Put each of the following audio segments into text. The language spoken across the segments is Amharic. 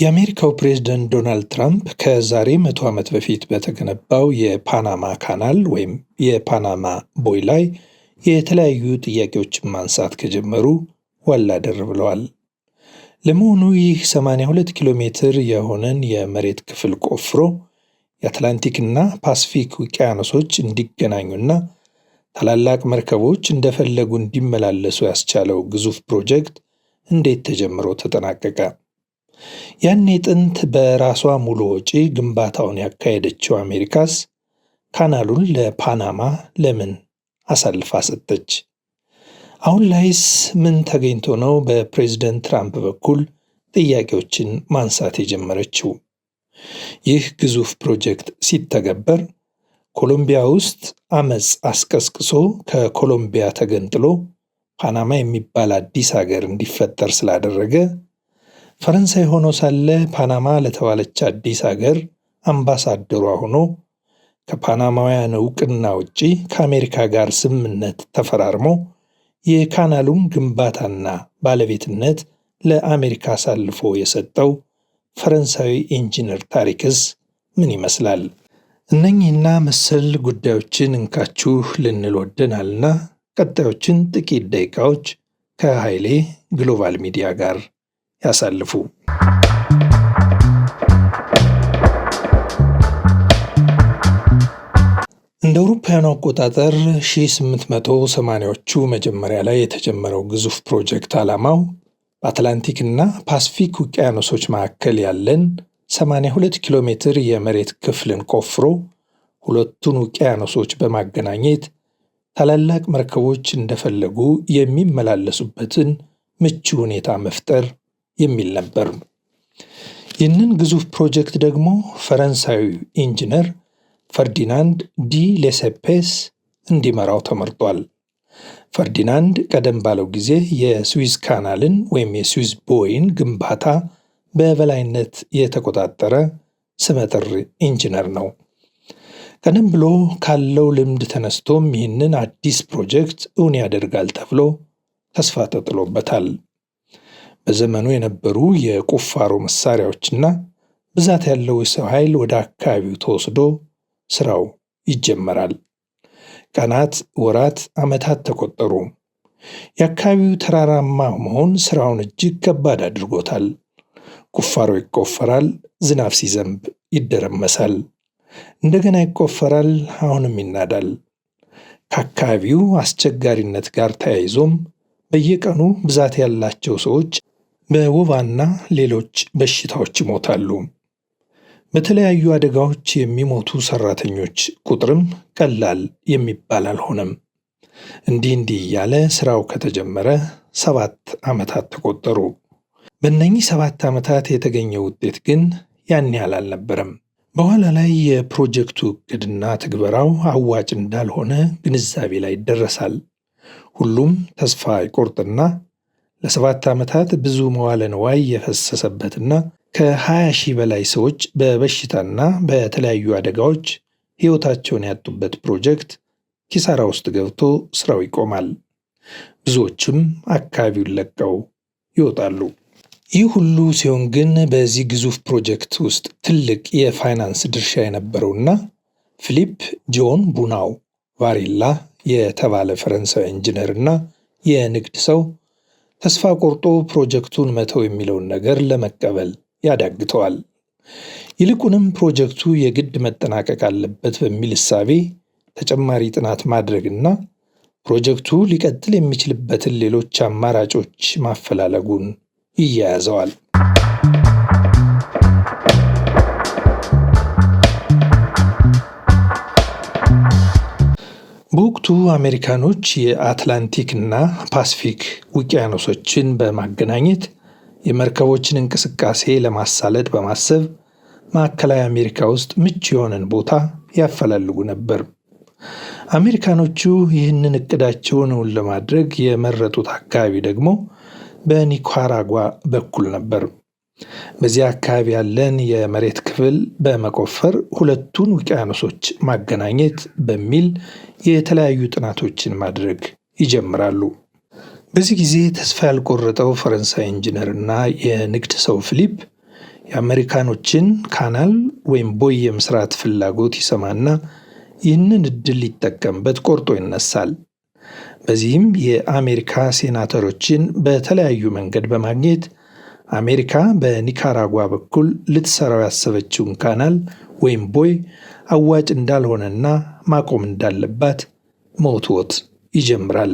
የአሜሪካው ፕሬዝደንት ዶናልድ ትራምፕ ከዛሬ መቶ ዓመት በፊት በተገነባው የፓናማ ካናል ወይም የፓናማ ቦይ ላይ የተለያዩ ጥያቄዎችን ማንሳት ከጀመሩ ዋላ ደር ብለዋል። ለመሆኑ ይህ 82 ኪሎ ሜትር የሆነን የመሬት ክፍል ቆፍሮ የአትላንቲክና ፓስፊክ ውቅያኖሶች እንዲገናኙና ታላላቅ መርከቦች እንደፈለጉ እንዲመላለሱ ያስቻለው ግዙፍ ፕሮጀክት እንዴት ተጀምሮ ተጠናቀቀ? ያኔ ጥንት በራሷ ሙሉ ወጪ ግንባታውን ያካሄደችው አሜሪካስ ካናሉን ለፓናማ ለምን አሳልፋ ሰጠች? አሁን ላይስ ምን ተገኝቶ ነው በፕሬዝደንት ትራምፕ በኩል ጥያቄዎችን ማንሳት የጀመረችው? ይህ ግዙፍ ፕሮጀክት ሲተገበር ኮሎምቢያ ውስጥ አመፅ አስቀስቅሶ ከኮሎምቢያ ተገንጥሎ ፓናማ የሚባል አዲስ ሀገር እንዲፈጠር ስላደረገ ፈረንሳይ ሆኖ ሳለ ፓናማ ለተባለች አዲስ አገር አምባሳደሯ ሆኖ ከፓናማውያን እውቅና ውጪ ከአሜሪካ ጋር ስምምነት ተፈራርሞ የካናሉን ግንባታና ባለቤትነት ለአሜሪካ አሳልፎ የሰጠው ፈረንሳዊ ኢንጂነር ታሪክስ ምን ይመስላል? እነኚህና መሰል ጉዳዮችን እንካችሁ ልንል ወደናልና ቀጣዮችን ጥቂት ደቂቃዎች ከኃይሌ ግሎባል ሚዲያ ጋር ያሳልፉ። እንደ አውሮፓውያኑ አቆጣጠር 1880ዎቹ መጀመሪያ ላይ የተጀመረው ግዙፍ ፕሮጀክት ዓላማው በአትላንቲክ እና ፓስፊክ ውቅያኖሶች መካከል ያለን 82 ኪሎ ሜትር የመሬት ክፍልን ቆፍሮ ሁለቱን ውቅያኖሶች በማገናኘት ታላላቅ መርከቦች እንደፈለጉ የሚመላለሱበትን ምቹ ሁኔታ መፍጠር የሚል ነበር። ይህንን ግዙፍ ፕሮጀክት ደግሞ ፈረንሳዊ ኢንጂነር ፈርዲናንድ ዲ ሌሴፔስ እንዲመራው ተመርጧል። ፈርዲናንድ ቀደም ባለው ጊዜ የስዊዝ ካናልን ወይም የስዊዝ ቦይን ግንባታ በበላይነት የተቆጣጠረ ስመጥር ኢንጂነር ነው። ቀደም ብሎ ካለው ልምድ ተነስቶም ይህንን አዲስ ፕሮጀክት እውን ያደርጋል ተብሎ ተስፋ ተጥሎበታል። በዘመኑ የነበሩ የቁፋሮ መሳሪያዎችና ብዛት ያለው የሰው ኃይል ወደ አካባቢው ተወስዶ ስራው ይጀመራል። ቀናት፣ ወራት፣ ዓመታት ተቆጠሩ። የአካባቢው ተራራማ መሆን ስራውን እጅግ ከባድ አድርጎታል። ቁፋሮ ይቆፈራል፣ ዝናብ ሲዘንብ ይደረመሳል፣ እንደገና ይቆፈራል፣ አሁንም ይናዳል። ከአካባቢው አስቸጋሪነት ጋር ተያይዞም በየቀኑ ብዛት ያላቸው ሰዎች በወባና ሌሎች በሽታዎች ይሞታሉ። በተለያዩ አደጋዎች የሚሞቱ ሰራተኞች ቁጥርም ቀላል የሚባል አልሆነም። እንዲህ እንዲህ እያለ ስራው ከተጀመረ ሰባት ዓመታት ተቆጠሩ። በእነኚህ ሰባት ዓመታት የተገኘ ውጤት ግን ያን ያህል አልነበረም። በኋላ ላይ የፕሮጀክቱ እቅድና ትግበራው አዋጭ እንዳልሆነ ግንዛቤ ላይ ይደረሳል። ሁሉም ተስፋ ይቆርጥና ለሰባት ዓመታት ብዙ መዋለ ንዋይ የፈሰሰበትና ከ20 ሺህ በላይ ሰዎች በበሽታና በተለያዩ አደጋዎች ሕይወታቸውን ያጡበት ፕሮጀክት ኪሳራ ውስጥ ገብቶ ስራው ይቆማል። ብዙዎችም አካባቢውን ለቀው ይወጣሉ። ይህ ሁሉ ሲሆን ግን በዚህ ግዙፍ ፕሮጀክት ውስጥ ትልቅ የፋይናንስ ድርሻ የነበረውና ፊሊፕ ጆን ቡናው ቫሬላ የተባለ ፈረንሳዊ ኢንጂነርና የንግድ ሰው ተስፋ ቆርጦ ፕሮጀክቱን መተው የሚለውን ነገር ለመቀበል ያዳግተዋል። ይልቁንም ፕሮጀክቱ የግድ መጠናቀቅ አለበት በሚል እሳቤ ተጨማሪ ጥናት ማድረግና ፕሮጀክቱ ሊቀጥል የሚችልበትን ሌሎች አማራጮች ማፈላለጉን ይያያዘዋል። አሜሪካኖች የአትላንቲክ እና ፓስፊክ ውቅያኖሶችን በማገናኘት የመርከቦችን እንቅስቃሴ ለማሳለጥ በማሰብ ማዕከላዊ አሜሪካ ውስጥ ምቹ የሆነን ቦታ ያፈላልጉ ነበር። አሜሪካኖቹ ይህንን እቅዳቸውን እውን ለማድረግ የመረጡት አካባቢ ደግሞ በኒካራጓ በኩል ነበር። በዚህ አካባቢ ያለን የመሬት ክፍል በመቆፈር ሁለቱን ውቅያኖሶች ማገናኘት በሚል የተለያዩ ጥናቶችን ማድረግ ይጀምራሉ። በዚህ ጊዜ ተስፋ ያልቆረጠው ፈረንሳይ ኢንጂነር እና የንግድ ሰው ፊሊፕ የአሜሪካኖችን ካናል ወይም ቦይ የመስራት ፍላጎት ይሰማና ይህንን እድል ሊጠቀምበት ቆርጦ ይነሳል። በዚህም የአሜሪካ ሴናተሮችን በተለያዩ መንገድ በማግኘት አሜሪካ በኒካራጓ በኩል ልትሰራው ያሰበችውን ካናል ወይም ቦይ አዋጭ እንዳልሆነና ማቆም እንዳለባት መወትወት ይጀምራል።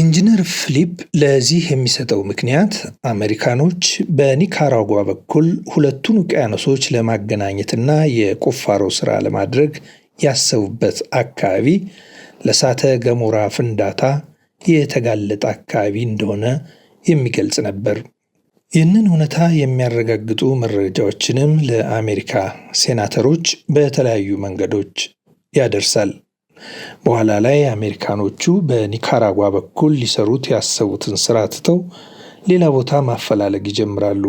ኢንጂነር ፊሊፕ ለዚህ የሚሰጠው ምክንያት አሜሪካኖች በኒካራጓ በኩል ሁለቱን ውቅያኖሶች ለማገናኘትና የቁፋሮ ስራ ለማድረግ ያሰቡበት አካባቢ ለእሳተ ገሞራ ፍንዳታ የተጋለጠ አካባቢ እንደሆነ የሚገልጽ ነበር። ይህንን እውነታ የሚያረጋግጡ መረጃዎችንም ለአሜሪካ ሴናተሮች በተለያዩ መንገዶች ያደርሳል። በኋላ ላይ አሜሪካኖቹ በኒካራጓ በኩል ሊሰሩት ያሰቡትን ስራ ትተው ሌላ ቦታ ማፈላለግ ይጀምራሉ።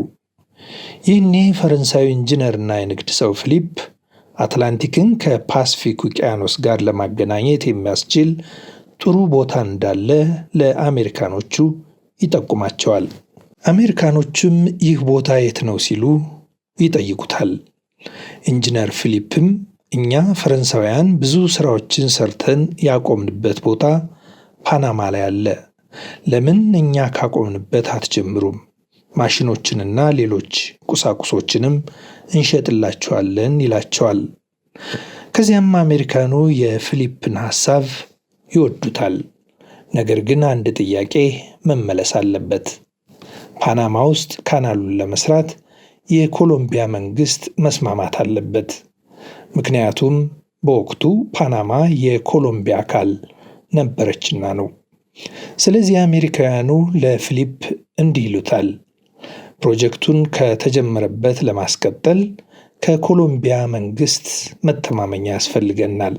ይህኔ ፈረንሳዊ ኢንጂነርና የንግድ ሰው ፊሊፕ አትላንቲክን ከፓስፊክ ውቅያኖስ ጋር ለማገናኘት የሚያስችል ጥሩ ቦታ እንዳለ ለአሜሪካኖቹ ይጠቁማቸዋል። አሜሪካኖችም ይህ ቦታ የት ነው ሲሉ ይጠይቁታል። ኢንጂነር ፊሊፕም እኛ ፈረንሳውያን ብዙ ስራዎችን ሰርተን ያቆምንበት ቦታ ፓናማ ላይ አለ። ለምን እኛ ካቆምንበት አትጀምሩም? ማሽኖችንና ሌሎች ቁሳቁሶችንም እንሸጥላችኋለን ይላቸዋል። ከዚያም አሜሪካኑ የፊሊፕን ሐሳብ ይወዱታል። ነገር ግን አንድ ጥያቄ መመለስ አለበት። ፓናማ ውስጥ ካናሉን ለመስራት የኮሎምቢያ መንግስት መስማማት አለበት። ምክንያቱም በወቅቱ ፓናማ የኮሎምቢያ አካል ነበረችና ነው። ስለዚህ አሜሪካውያኑ ለፊሊፕ እንዲህ ይሉታል። ፕሮጀክቱን ከተጀመረበት ለማስቀጠል ከኮሎምቢያ መንግስት መተማመኛ ያስፈልገናል።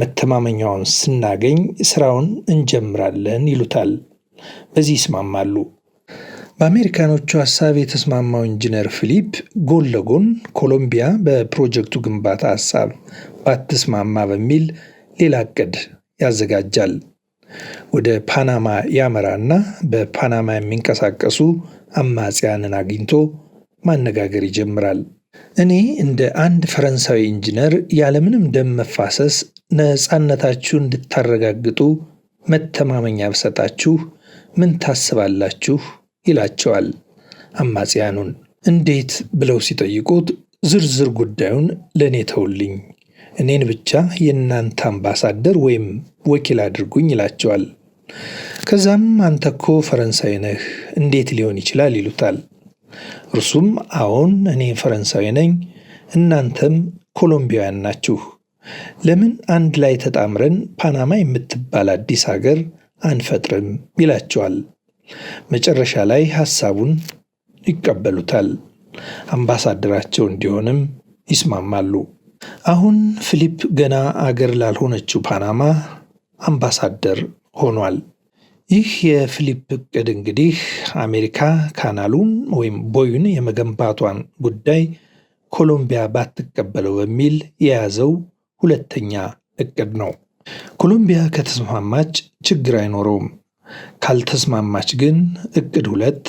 መተማመኛውን ስናገኝ ስራውን እንጀምራለን ይሉታል። በዚህ ይስማማሉ። በአሜሪካኖቹ ሀሳብ የተስማማው ኢንጂነር ፊሊፕ ጎን ለጎን ኮሎምቢያ በፕሮጀክቱ ግንባታ ሀሳብ ባትስማማ በሚል ሌላ እቅድ ያዘጋጃል። ወደ ፓናማ ያመራና በፓናማ የሚንቀሳቀሱ አማጽያንን አግኝቶ ማነጋገር ይጀምራል። እኔ እንደ አንድ ፈረንሳዊ ኢንጂነር ያለምንም ደም መፋሰስ ነፃነታችሁ እንድታረጋግጡ መተማመኛ ብሰጣችሁ ምን ታስባላችሁ? ይላቸዋል። አማጽያኑን እንዴት ብለው ሲጠይቁት ዝርዝር ጉዳዩን ለእኔ ተውልኝ፣ እኔን ብቻ የእናንተ አምባሳደር ወይም ወኪል አድርጉኝ ይላቸዋል። ከዛም አንተ እኮ ፈረንሳዊ ነህ እንዴት ሊሆን ይችላል ይሉታል። እርሱም አዎን እኔ ፈረንሳዊ ነኝ፣ እናንተም ኮሎምቢያውያን ናችሁ። ለምን አንድ ላይ ተጣምረን ፓናማ የምትባል አዲስ ሀገር አንፈጥርም ይላቸዋል። መጨረሻ ላይ ሐሳቡን ይቀበሉታል። አምባሳደራቸው እንዲሆንም ይስማማሉ። አሁን ፊሊፕ ገና አገር ላልሆነችው ፓናማ አምባሳደር ሆኗል። ይህ የፊሊፕ እቅድ እንግዲህ አሜሪካ ካናሉን ወይም ቦዩን የመገንባቷን ጉዳይ ኮሎምቢያ ባትቀበለው በሚል የያዘው ሁለተኛ እቅድ ነው። ኮሎምቢያ ከተስማማች ችግር አይኖረውም። ካልተስማማች ግን እቅድ ሁለት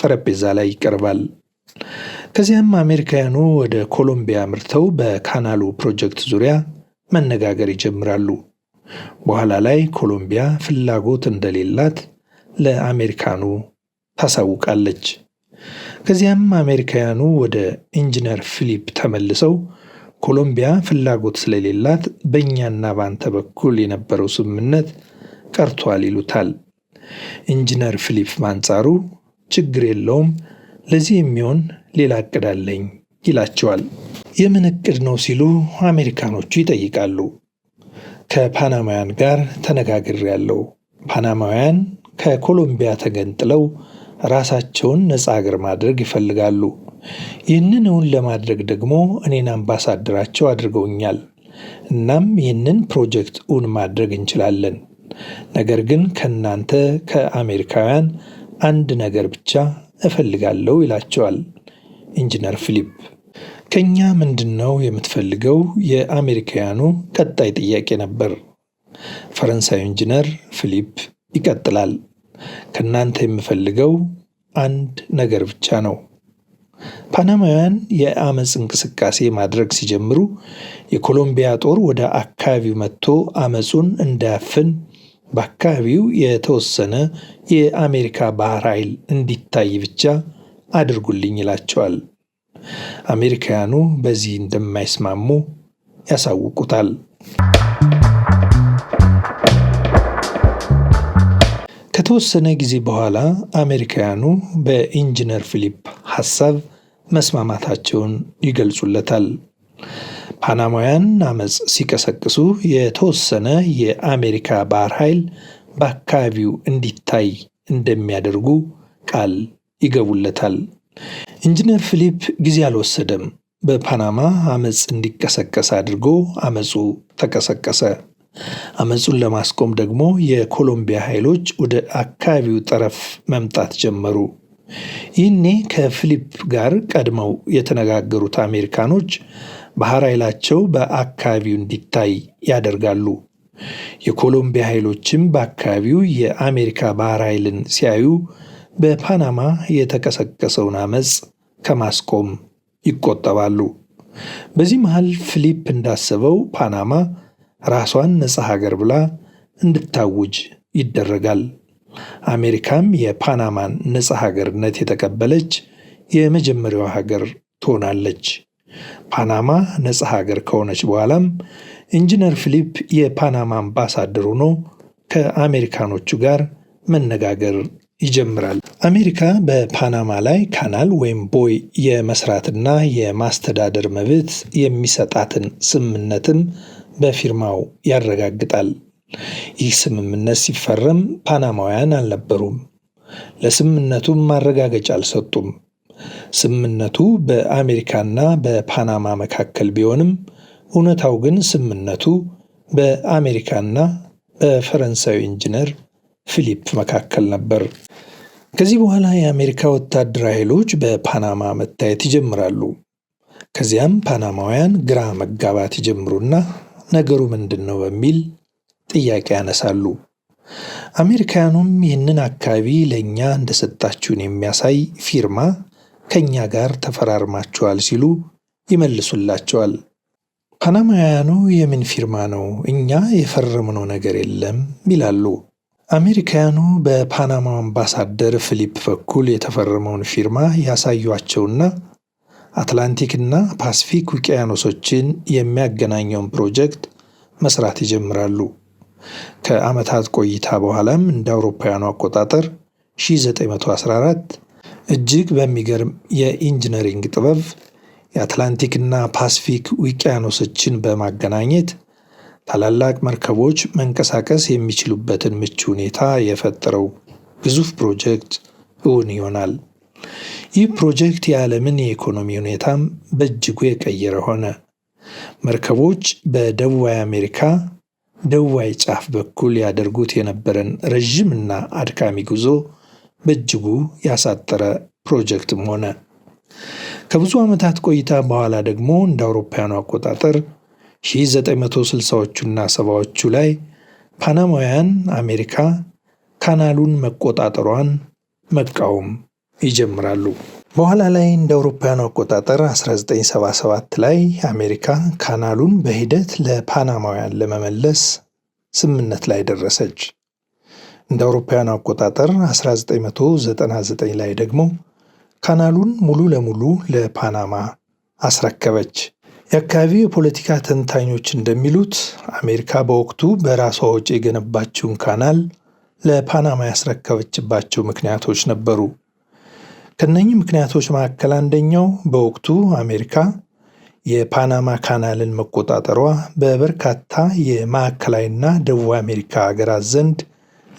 ጠረጴዛ ላይ ይቀርባል። ከዚያም አሜሪካውያኑ ወደ ኮሎምቢያ አምርተው በካናሉ ፕሮጀክት ዙሪያ መነጋገር ይጀምራሉ። በኋላ ላይ ኮሎምቢያ ፍላጎት እንደሌላት ለአሜሪካኑ ታሳውቃለች። ከዚያም አሜሪካውያኑ ወደ ኢንጂነር ፊሊፕ ተመልሰው ኮሎምቢያ ፍላጎት ስለሌላት በእኛና በአንተ በኩል የነበረው ስምምነት ቀርቷል ይሉታል። ኢንጂነር ፊሊፕ ማንጻሩ ችግር የለውም ለዚህ የሚሆን ሌላ እቅድ አለኝ ይላቸዋል። የምን እቅድ ነው ሲሉ አሜሪካኖቹ ይጠይቃሉ። ከፓናማውያን ጋር ተነጋግሬያለሁ። ፓናማውያን ከኮሎምቢያ ተገንጥለው ራሳቸውን ነፃ አገር ማድረግ ይፈልጋሉ። ይህንን እውን ለማድረግ ደግሞ እኔን አምባሳደራቸው አድርገውኛል። እናም ይህንን ፕሮጀክት እውን ማድረግ እንችላለን። ነገር ግን ከእናንተ ከአሜሪካውያን አንድ ነገር ብቻ እፈልጋለሁ ይላቸዋል ኢንጂነር ፊሊፕ። ከእኛ ምንድን ነው የምትፈልገው? የአሜሪካውያኑ ቀጣይ ጥያቄ ነበር። ፈረንሳዊ ኢንጂነር ፊሊፕ ይቀጥላል። ከእናንተ የምፈልገው አንድ ነገር ብቻ ነው። ፓናማውያን የአመፅ እንቅስቃሴ ማድረግ ሲጀምሩ የኮሎምቢያ ጦር ወደ አካባቢው መጥቶ አመፁን እንዳያፍን በአካባቢው የተወሰነ የአሜሪካ ባህር ኃይል እንዲታይ ብቻ አድርጉልኝ ይላቸዋል። አሜሪካውያኑ በዚህ እንደማይስማሙ ያሳውቁታል። ከተወሰነ ጊዜ በኋላ አሜሪካውያኑ በኢንጂነር ፊሊፕ ሐሳብ መስማማታቸውን ይገልጹለታል። ፓናማውያን አመፅ ሲቀሰቅሱ የተወሰነ የአሜሪካ ባህር ኃይል በአካባቢው እንዲታይ እንደሚያደርጉ ቃል ይገቡለታል። ኢንጂነር ፊሊፕ ጊዜ አልወሰደም። በፓናማ አመፅ እንዲቀሰቀስ አድርጎ አመፁ ተቀሰቀሰ። አመፁን ለማስቆም ደግሞ የኮሎምቢያ ኃይሎች ወደ አካባቢው ጠረፍ መምጣት ጀመሩ። ይህኔ ከፊሊፕ ጋር ቀድመው የተነጋገሩት አሜሪካኖች ባህር ኃይላቸው በአካባቢው እንዲታይ ያደርጋሉ። የኮሎምቢያ ኃይሎችም በአካባቢው የአሜሪካ ባህር ኃይልን ሲያዩ በፓናማ የተቀሰቀሰውን አመፅ ከማስቆም ይቆጠባሉ። በዚህ መሃል ፊሊፕ እንዳሰበው ፓናማ ራሷን ነፃ ሀገር ብላ እንድታውጅ ይደረጋል። አሜሪካም የፓናማን ነፃ ሀገርነት የተቀበለች የመጀመሪያዋ ሀገር ትሆናለች። ፓናማ ነጻ ሀገር ከሆነች በኋላም ኢንጂነር ፊሊፕ የፓናማ አምባሳደር ሆኖ ከአሜሪካኖቹ ጋር መነጋገር ይጀምራል። አሜሪካ በፓናማ ላይ ካናል ወይም ቦይ የመስራትና የማስተዳደር መብት የሚሰጣትን ስምምነትም በፊርማው ያረጋግጣል። ይህ ስምምነት ሲፈረም ፓናማውያን አልነበሩም፣ ለስምምነቱም ማረጋገጫ አልሰጡም። ስምምነቱ በአሜሪካና በፓናማ መካከል ቢሆንም እውነታው ግን ስምምነቱ በአሜሪካና በፈረንሳዊ ኢንጂነር ፊሊፕ መካከል ነበር። ከዚህ በኋላ የአሜሪካ ወታደራዊ ኃይሎች በፓናማ መታየት ይጀምራሉ። ከዚያም ፓናማውያን ግራ መጋባት ይጀምሩና ነገሩ ምንድን ነው በሚል ጥያቄ ያነሳሉ። አሜሪካውያኑም ይህንን አካባቢ ለእኛ እንደሰጣችሁን የሚያሳይ ፊርማ ከእኛ ጋር ተፈራርማችኋል ሲሉ ይመልሱላቸዋል። ፓናማውያኑ የምን ፊርማ ነው እኛ የፈረምነው ነገር የለም ይላሉ። አሜሪካውያኑ በፓናማው አምባሳደር ፊሊፕ በኩል የተፈረመውን ፊርማ ያሳዩቸውና አትላንቲክና ፓስፊክ ውቅያኖሶችን የሚያገናኘውን ፕሮጀክት መስራት ይጀምራሉ። ከዓመታት ቆይታ በኋላም እንደ አውሮፓውያኑ አቆጣጠር 1914 እጅግ በሚገርም የኢንጂነሪንግ ጥበብ የአትላንቲክና ፓስፊክ ውቅያኖሶችን በማገናኘት ታላላቅ መርከቦች መንቀሳቀስ የሚችሉበትን ምቹ ሁኔታ የፈጠረው ግዙፍ ፕሮጀክት እውን ይሆናል። ይህ ፕሮጀክት የዓለምን የኢኮኖሚ ሁኔታም በእጅጉ የቀየረ ሆነ። መርከቦች በደቡባዊ አሜሪካ ደቡባዊ ጫፍ በኩል ያደርጉት የነበረን ረዥምና አድካሚ ጉዞ በእጅጉ ያሳጠረ ፕሮጀክትም ሆነ። ከብዙ ዓመታት ቆይታ በኋላ ደግሞ እንደ አውሮፓውያኑ አቆጣጠር 1960ዎቹና ሰባዎቹ ላይ ፓናማውያን አሜሪካ ካናሉን መቆጣጠሯን መቃወም ይጀምራሉ። በኋላ ላይ እንደ አውሮፓውያኑ አቆጣጠር 1977 ላይ አሜሪካ ካናሉን በሂደት ለፓናማውያን ለመመለስ ስምምነት ላይ ደረሰች። እንደ አውሮፓውያን አቆጣጠር 1999 ላይ ደግሞ ካናሉን ሙሉ ለሙሉ ለፓናማ አስረከበች። የአካባቢው የፖለቲካ ተንታኞች እንደሚሉት አሜሪካ በወቅቱ በራሷ ወጪ የገነባችውን ካናል ለፓናማ ያስረከበችባቸው ምክንያቶች ነበሩ። ከነኚህ ምክንያቶች መካከል አንደኛው በወቅቱ አሜሪካ የፓናማ ካናልን መቆጣጠሯ በበርካታ የማዕከላዊና ደቡብ አሜሪካ ሀገራት ዘንድ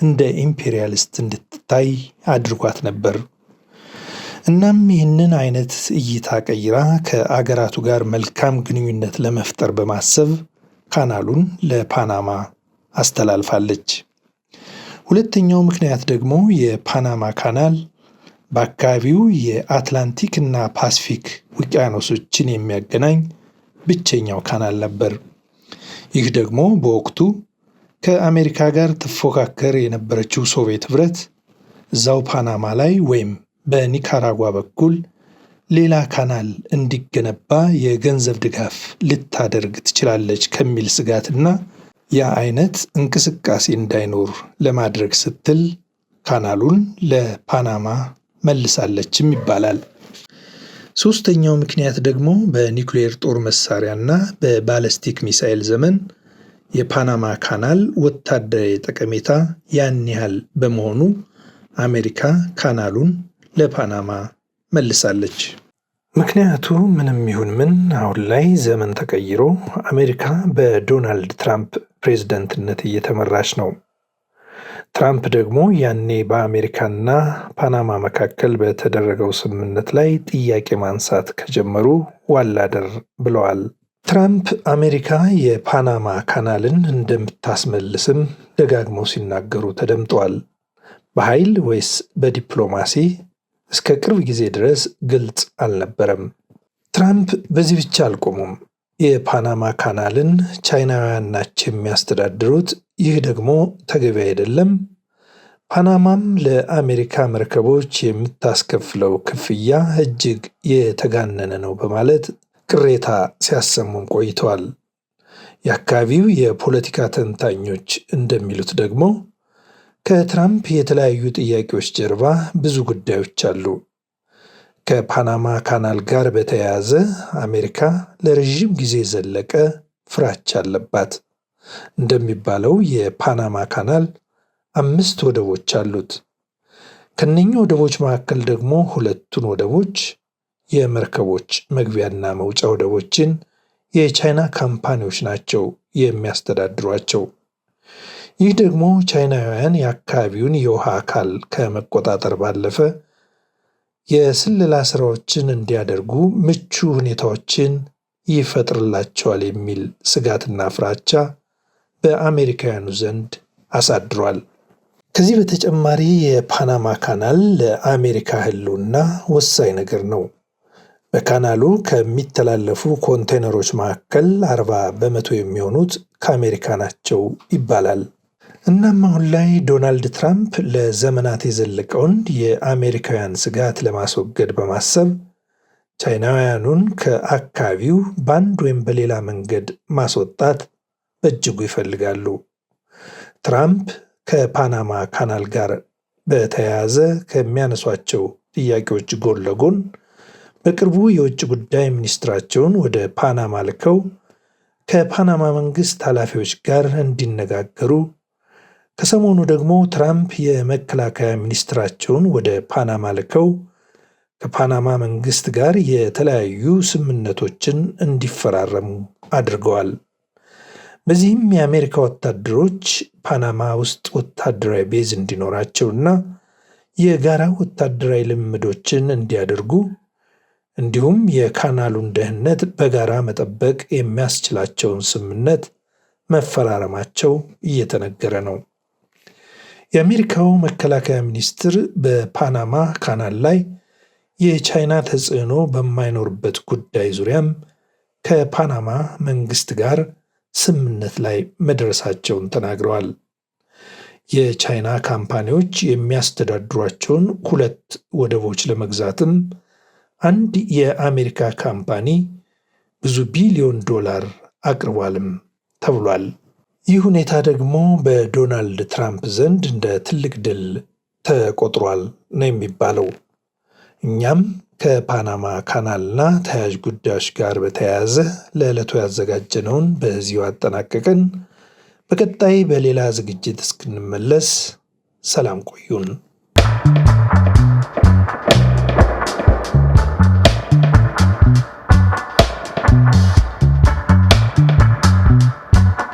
እንደ ኢምፔሪያሊስት እንድትታይ አድርጓት ነበር። እናም ይህንን አይነት እይታ ቀይራ ከአገራቱ ጋር መልካም ግንኙነት ለመፍጠር በማሰብ ካናሉን ለፓናማ አስተላልፋለች። ሁለተኛው ምክንያት ደግሞ የፓናማ ካናል በአካባቢው የአትላንቲክ እና ፓስፊክ ውቅያኖሶችን የሚያገናኝ ብቸኛው ካናል ነበር። ይህ ደግሞ በወቅቱ ከአሜሪካ ጋር ትፎካከር የነበረችው ሶቪየት ህብረት እዛው ፓናማ ላይ ወይም በኒካራጓ በኩል ሌላ ካናል እንዲገነባ የገንዘብ ድጋፍ ልታደርግ ትችላለች ከሚል ስጋትና ያ አይነት እንቅስቃሴ እንዳይኖር ለማድረግ ስትል ካናሉን ለፓናማ መልሳለችም ይባላል። ሶስተኛው ምክንያት ደግሞ በኒውክሌር ጦር መሳሪያና በባለስቲክ ሚሳኤል ዘመን የፓናማ ካናል ወታደራዊ ጠቀሜታ ያን ያህል በመሆኑ አሜሪካ ካናሉን ለፓናማ መልሳለች። ምክንያቱ ምንም ይሁን ምን አሁን ላይ ዘመን ተቀይሮ አሜሪካ በዶናልድ ትራምፕ ፕሬዝደንትነት እየተመራች ነው። ትራምፕ ደግሞ ያኔ በአሜሪካና ፓናማ መካከል በተደረገው ስምምነት ላይ ጥያቄ ማንሳት ከጀመሩ ዋላደር ብለዋል። ትራምፕ አሜሪካ የፓናማ ካናልን እንደምታስመልስም ደጋግመው ሲናገሩ ተደምጠዋል። በኃይል ወይስ በዲፕሎማሲ እስከ ቅርብ ጊዜ ድረስ ግልጽ አልነበረም። ትራምፕ በዚህ ብቻ አልቆሙም። የፓናማ ካናልን ቻይናውያን ናቸው የሚያስተዳድሩት፣ ይህ ደግሞ ተገቢ አይደለም፣ ፓናማም ለአሜሪካ መርከቦች የምታስከፍለው ክፍያ እጅግ የተጋነነ ነው በማለት ቅሬታ ሲያሰሙም ቆይተዋል። የአካባቢው የፖለቲካ ተንታኞች እንደሚሉት ደግሞ ከትራምፕ የተለያዩ ጥያቄዎች ጀርባ ብዙ ጉዳዮች አሉ። ከፓናማ ካናል ጋር በተያያዘ አሜሪካ ለረዥም ጊዜ ዘለቀ ፍራቻ አለባት። እንደሚባለው የፓናማ ካናል አምስት ወደቦች አሉት። ከነኚህ ወደቦች መካከል ደግሞ ሁለቱን ወደቦች የመርከቦች መግቢያና መውጫ ወደቦችን የቻይና ካምፓኒዎች ናቸው የሚያስተዳድሯቸው። ይህ ደግሞ ቻይናውያን የአካባቢውን የውሃ አካል ከመቆጣጠር ባለፈ የስለላ ስራዎችን እንዲያደርጉ ምቹ ሁኔታዎችን ይፈጥርላቸዋል የሚል ስጋትና ፍራቻ በአሜሪካውያኑ ዘንድ አሳድሯል። ከዚህ በተጨማሪ የፓናማ ካናል ለአሜሪካ ሕልውና ወሳኝ ነገር ነው። በካናሉ ከሚተላለፉ ኮንቴነሮች መካከል 40 በመቶ የሚሆኑት ከአሜሪካ ናቸው ይባላል። እናም አሁን ላይ ዶናልድ ትራምፕ ለዘመናት የዘለቀውን የአሜሪካውያን ስጋት ለማስወገድ በማሰብ ቻይናውያኑን ከአካባቢው በአንድ ወይም በሌላ መንገድ ማስወጣት በእጅጉ ይፈልጋሉ። ትራምፕ ከፓናማ ካናል ጋር በተያያዘ ከሚያነሷቸው ጥያቄዎች ጎን ለጎን በቅርቡ የውጭ ጉዳይ ሚኒስትራቸውን ወደ ፓናማ ልከው ከፓናማ መንግስት ኃላፊዎች ጋር እንዲነጋገሩ፣ ከሰሞኑ ደግሞ ትራምፕ የመከላከያ ሚኒስትራቸውን ወደ ፓናማ ልከው ከፓናማ መንግስት ጋር የተለያዩ ስምምነቶችን እንዲፈራረሙ አድርገዋል። በዚህም የአሜሪካ ወታደሮች ፓናማ ውስጥ ወታደራዊ ቤዝ እንዲኖራቸውና የጋራ ወታደራዊ ልምዶችን እንዲያደርጉ እንዲሁም የካናሉን ደህንነት በጋራ መጠበቅ የሚያስችላቸውን ስምምነት መፈራረማቸው እየተነገረ ነው። የአሜሪካው መከላከያ ሚኒስትር በፓናማ ካናል ላይ የቻይና ተጽዕኖ በማይኖርበት ጉዳይ ዙሪያም ከፓናማ መንግስት ጋር ስምምነት ላይ መድረሳቸውን ተናግረዋል። የቻይና ካምፓኒዎች የሚያስተዳድሯቸውን ሁለት ወደቦች ለመግዛትም አንድ የአሜሪካ ካምፓኒ ብዙ ቢሊዮን ዶላር አቅርቧልም ተብሏል። ይህ ሁኔታ ደግሞ በዶናልድ ትራምፕ ዘንድ እንደ ትልቅ ድል ተቆጥሯል ነው የሚባለው። እኛም ከፓናማ ካናልና ተያያዥ ጉዳዮች ጋር በተያያዘ ለዕለቱ ያዘጋጀነውን በዚሁ አጠናቀቅን። በቀጣይ በሌላ ዝግጅት እስክንመለስ ሰላም ቆዩን።